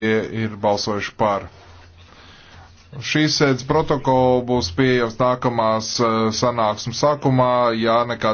ir balsojuši par. Šīs sēdes protokola būs pieejams nākamās eh, sanāksmes sākumā, ja nekā